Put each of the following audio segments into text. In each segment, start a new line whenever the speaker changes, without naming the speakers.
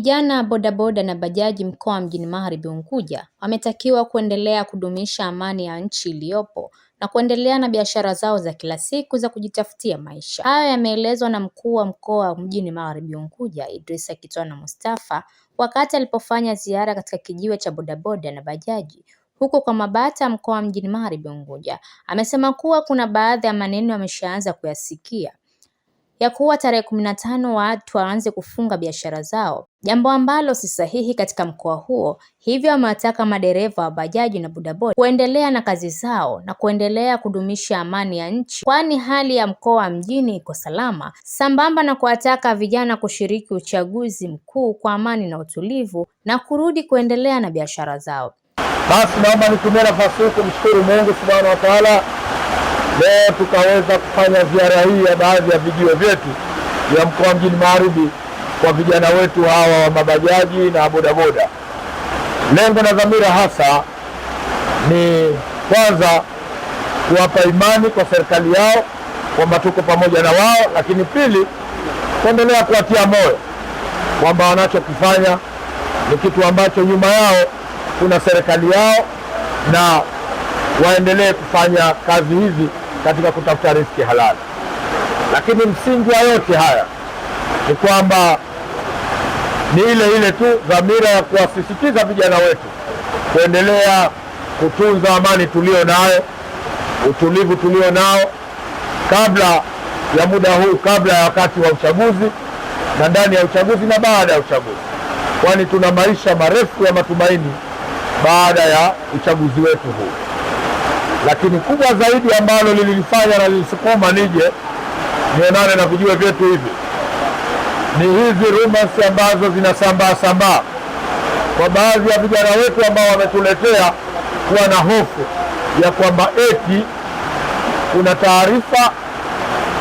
Vijana bodaboda na bajaji mkoa wa Mjini Magharibi Unguja wametakiwa kuendelea kudumisha amani ya nchi iliyopo na kuendelea na biashara zao za kila siku za kujitafutia maisha. Hayo yameelezwa na Mkuu wa Mkoa wa Mjini Magharibi Unguja, Idrisa Kitwana Mustafa, wakati alipofanya ziara katika kijiwe cha bodaboda na bajaji huko kwa Mabata, mkoa wa Mjini Magharibi Unguja. Amesema kuwa kuna baadhi ya maneno ameshaanza kuyasikia ya kuwa tarehe kumi na tano watu waanze kufunga biashara zao, jambo ambalo si sahihi katika mkoa huo. Hivyo amewataka madereva wa bajaji na bodaboda kuendelea na kazi zao na kuendelea kudumisha amani ya nchi, kwani hali ya mkoa mjini iko salama, sambamba na kuwataka vijana kushiriki uchaguzi mkuu kwa amani na utulivu na kurudi kuendelea na biashara zao.
Basi naomba nitumie nafasi hii kumshukuru Mungu subhanahu wa taala leo tukaweza kufanya ziara hii ya baadhi ya vijio vyetu vya mkoa mjini Magharibi kwa vijana wetu hawa wa mabajaji na bodaboda. Lengo na dhamira hasa ni kwanza kuwapa imani kwa serikali yao kwamba tuko pamoja na wao, lakini pili kuendelea kuwatia moyo kwamba wanachokifanya ni kitu ambacho nyuma yao kuna serikali yao na waendelee kufanya kazi hizi katika kutafuta riziki halali. Lakini msingi wa yote haya ni kwamba ni ile ile tu dhamira ya kuwasisitiza vijana wetu kuendelea kutunza amani tulio nayo, utulivu tulio nao kabla ya muda huu, kabla ya wakati wa uchaguzi na ndani ya uchaguzi na baada ya uchaguzi, kwani tuna maisha marefu ya matumaini baada ya uchaguzi wetu huu. Lakini kubwa zaidi ambalo lililifanya na lilisukuma nije nionane na kujua vyetu hivi ni hizi rumors ambazo zinasambaa sambaa kwa baadhi ya vijana wetu ambao wametuletea kuwa na hofu ya kwamba eti kuna taarifa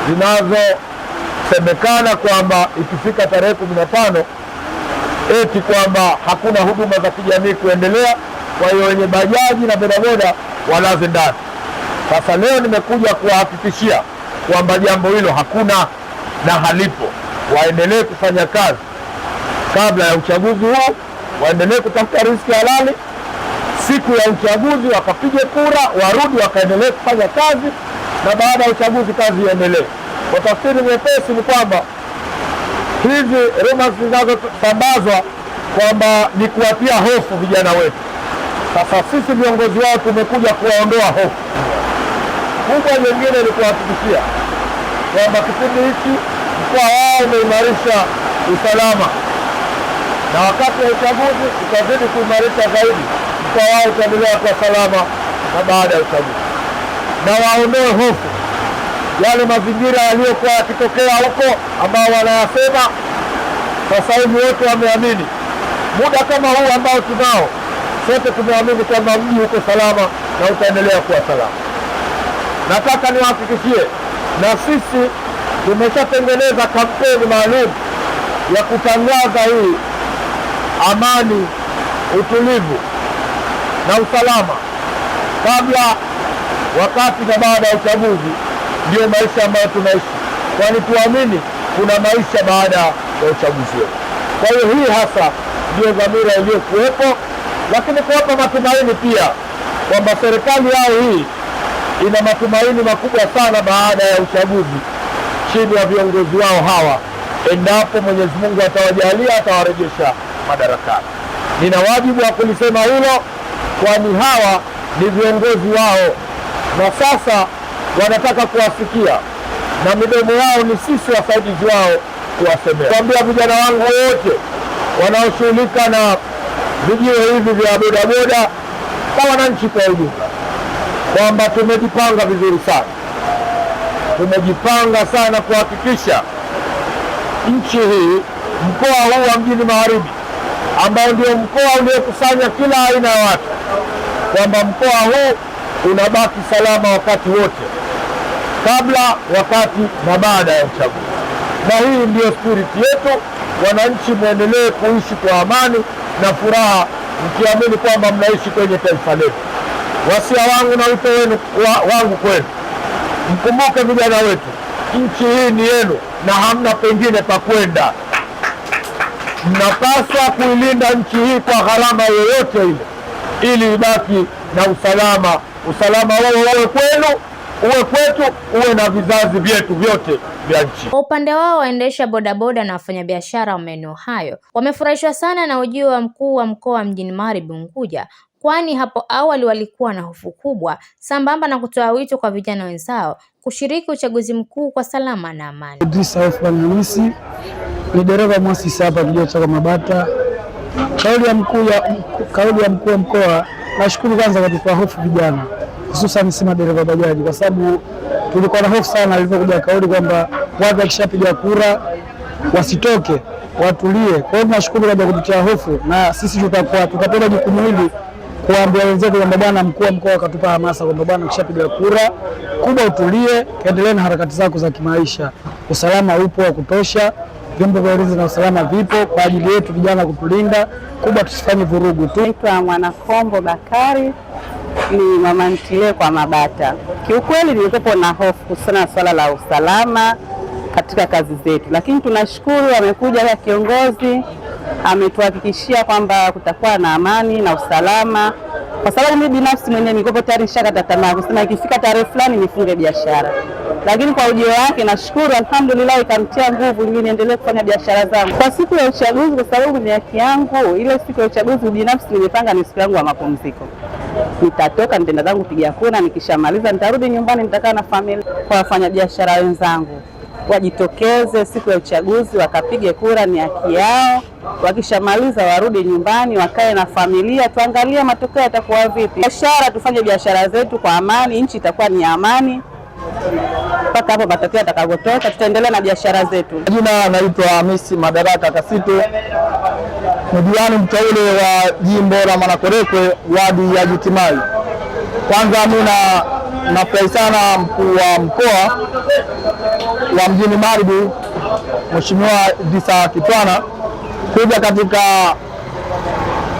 zinazosemekana kwamba ikifika tarehe kumi na tano eti kwamba hakuna huduma za kijamii kuendelea. Kwa hiyo wenye bajaji na bodaboda walaze ndani. Sasa leo nimekuja kuwahakikishia kwamba jambo hilo hakuna na halipo, waendelee kufanya kazi kabla ya uchaguzi huu, waendelee kutafuta riziki halali. Siku ya uchaguzi wakapige kura, warudi wakaendelee kufanya kazi, na baada ya uchaguzi kazi iendelee. Kwa tafsiri nyepesi, ni kwamba hizi rumors zinazosambazwa kwamba ni kuwatia hofu vijana wetu sasa sisi viongozi wao tumekuja kuwaondoa hofu. Kubwa nyingine ni kuhakikishia kwamba kipindi hiki mkoa wao umeimarisha usalama, na wakati wa uchaguzi utazidi kuimarisha zaidi. Mkoa wao utaendelea kwa salama na baada ya uchaguzi, na waondoe hofu yale mazingira yaliyokuwa yakitokea huko ambao wanayasema sasa hivi wote wameamini, muda kama huu ambao tunao Sote tumeamini kwamba mji uko salama na utaendelea kuwa salama. Nataka niwahakikishie, na sisi tumeshatengeneza kampeni maalum ya kutangaza hii amani, utulivu na usalama kabla, wakati na baada ya uchaguzi. Ndiyo maisha ambayo tunaishi, kwani tuamini kuna maisha baada ya uchaguzi wetu. Kwa hiyo hii hasa ndiyo dhamira iliyokuwepo lakini kuwapa matumaini pia kwamba serikali yao hii ina matumaini makubwa sana baada ya uchaguzi chini ya viongozi wao hawa, endapo Mwenyezi Mungu atawajalia, atawarejesha madarakani. Nina wajibu wa kulisema hilo, kwani hawa ni viongozi wao, na sasa wanataka kuwasikia, na midomo yao ni sisi wasaidizi wao kuwasemea. Kuambia vijana wangu wote wanaoshughulika na vijiwe hivi vya bodaboda na wananchi kwa ujumla, kwamba tumejipanga vizuri sana, tumejipanga sana kuhakikisha nchi hii, mkoa huu wa Mjini Magharibi ambao ndio mkoa uliokusanya kila aina ya watu, kwamba mkoa huu unabaki salama wakati wote, kabla, wakati na baada ya uchaguzi. Na hii ndiyo spiriti yetu. Wananchi, mwendelee kuishi kwa amani na furaha, mkiamini kwamba mnaishi kwenye taifa letu. Wasia wangu na wito wenu wa, wangu kwenu, mkumbuke vijana wetu, nchi hii ni yenu na hamna pengine pa kwenda. Mnapaswa kuilinda nchi hii kwa gharama yoyote ile, ili ibaki na usalama. Usalama wao uwe kwenu, uwe kwetu, uwe na vizazi vyetu vyote vya nchi.
Kwa upande wao, waendesha bodaboda na wafanyabiashara wa maeneo hayo wamefurahishwa sana na ujio wa mkuu wa mkoa mjini Magharibi Unguja, kwani hapo awali walikuwa na hofu kubwa, sambamba na kutoa wito kwa vijana wenzao kushiriki uchaguzi mkuu kwa salama na amani.
Hamisi ni dereva mwasisi hapa kijio cha Mabata. Kauli ya mkuu kauli ya mkuu wa mkoa, nashukuru kwanza kwa kutoa hofu vijana, hususan si madereva bajaji, kwa sababu tulikuwa na hofu sana alivyokuja kauli kwamba watu wakishapiga kura wasitoke, watulie. Kwa hiyo tunashukuru kwa kututia hofu, na sisi tutakuwa tutapenda jukumu hili kuambia wenzetu kwamba bwana, mkuu wa mkoa akatupa hamasa kwamba bwana, ukishapiga kura kubwa utulie, kaendelee na harakati zako za kimaisha. Usalama upo wa kutosha, vyombo vya ulinzi na usalama vipo kwa ajili yetu vijana kutulinda. Kubwa tusifanye vurugu tu.
Naitwa Mwanakombo Bakari, ni mama ntilie kwa Mabata. Kiukweli nilikuwa na hofu sana swala la usalama katika kazi zetu, lakini tunashukuru amekuja kama kiongozi, ametuhakikishia kwamba kutakuwa na amani na usalama, kwa sababu mimi binafsi mwenyewe nilikuwa tayari nishakata tamaa kusema ikifika tarehe fulani nifunge biashara, lakini kwa ujio wake nashukuru, alhamdulillah, ikamtia nguvu ili niendelee kufanya biashara zangu kwa siku ya uchaguzi, kwa sababu ni haki yangu. Ile siku ya uchaguzi binafsi nimepanga ni siku yangu ya mapumziko nitatoka nitaenda zangu piga kuna, nikishamaliza nitarudi nyumbani, nitakaa na familia. Kwa wafanyabiashara wenzangu wajitokeze siku ya uchaguzi wakapige kura, ni haki yao. Wakishamaliza warudi nyumbani, wakae na familia, tuangalie matokeo yatakuwa vipi. Biashara, tufanye biashara zetu kwa amani, nchi itakuwa ni amani mpaka hapo matokeo yatakapotoka, tutaendelea na biashara zetu.
Jina anaitwa Hamisi Madaraka Kasitu, ni diwani mteule wa jimbo la manakorekwe wadi ya Jitimai. Kwanza mimi na Nafurahi sana mkuu wa mkoa wa mjini Magharibi Mheshimiwa Idrisa Kitwana kuja katika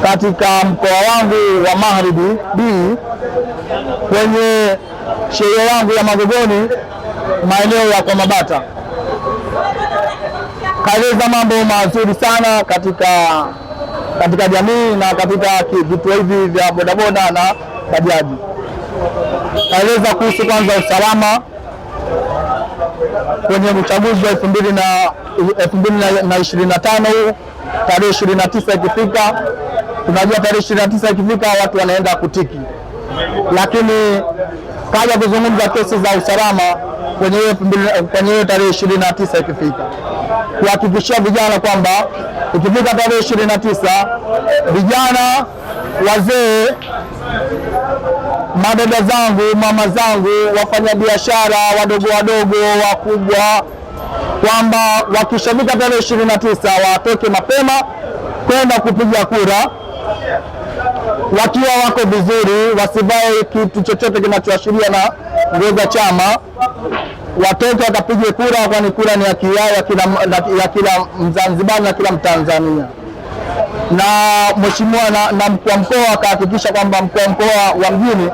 katika mkoa wangu wa Magharibi B kwenye sherehe yangu ya Magogoni maeneo ya Kwamabata. Kaeleza mambo mazuri sana katika katika jamii na katika vituo hivi vya bodaboda na bajaji kaeleza kuhusu kwanza usalama kwenye uchaguzi wa elfu mbili na ishirini na tano huu tarehe ishirini na tisa ikifika, tunajua tarehe ishirini na tisa ikifika watu wanaenda kutiki, lakini kaja kuzungumza kesi za usalama kwenye hiyo kwenye hiyo tarehe ishirini na tisa ikifika, kuhakikishia vijana kwamba ikifika tarehe ishirini na tisa vijana wazee madada zangu, mama zangu, wafanyabiashara wadogo wadogo, wakubwa, kwamba wakishafika tarehe ishirini na tisa watoke mapema kwenda kupiga kura wakiwa wako vizuri, wasivae kitu chochote kinachoashiria na nguo za chama, watoke wakapige kura, kwani kura ni haki yao ya kila, Mzanzibari na kila Mtanzania. Na mheshimiwa na, na mkuu wa mkoa akahakikisha kwamba mkuu wa mkoa wa mjini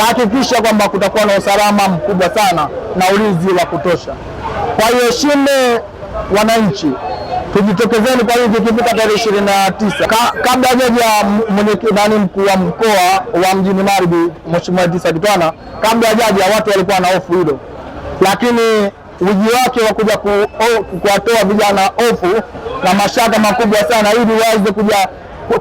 tahakikisha kwamba kutakuwa na usalama mkubwa sana na ulinzi wa kutosha. Kwa hiyo shime, wananchi tujitokezeni kwa wingi ikifika tarehe ishirini na tisa kabla jaji ya nani mkuu wa mkoa wa mjini Magharibi Mheshimiwa Tisa Kitwana, kabla ya jaji watu walikuwa na hofu hilo, lakini wiji wake wa kuja kuwatoa vijana hofu na mashaka makubwa sana, ili waweze kuja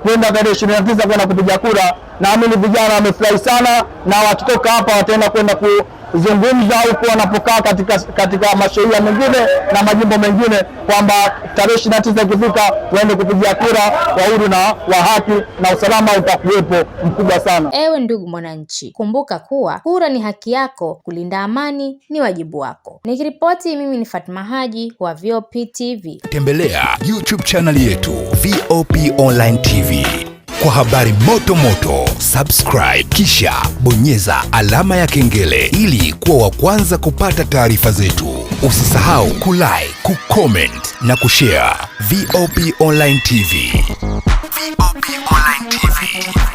kwenda tarehe ishirini na tisa kwenda kupiga kura. Naamini vijana wamefurahi sana na wakitoka hapa wataenda kwenda kuzungumza huko wanapokaa katika, katika masheria mengine na majimbo mengine kwamba tarehe ishirini na tisa ikifika waende kupigia kura kwa huru na wa haki na usalama utakuwepo mkubwa sana.
Ewe ndugu mwananchi, kumbuka kuwa kura ni haki yako, kulinda amani ni wajibu wako. Nikiripoti mimi ni Fatma Haji wa VOP TV.
Tembelea YouTube channel yetu VOP Online TV kwa habari moto moto subscribe, kisha bonyeza alama ya kengele ili kuwa wa kwanza kupata taarifa zetu. Usisahau kulike, kucomment na kushare. VOP Online TV. VOP Online TV.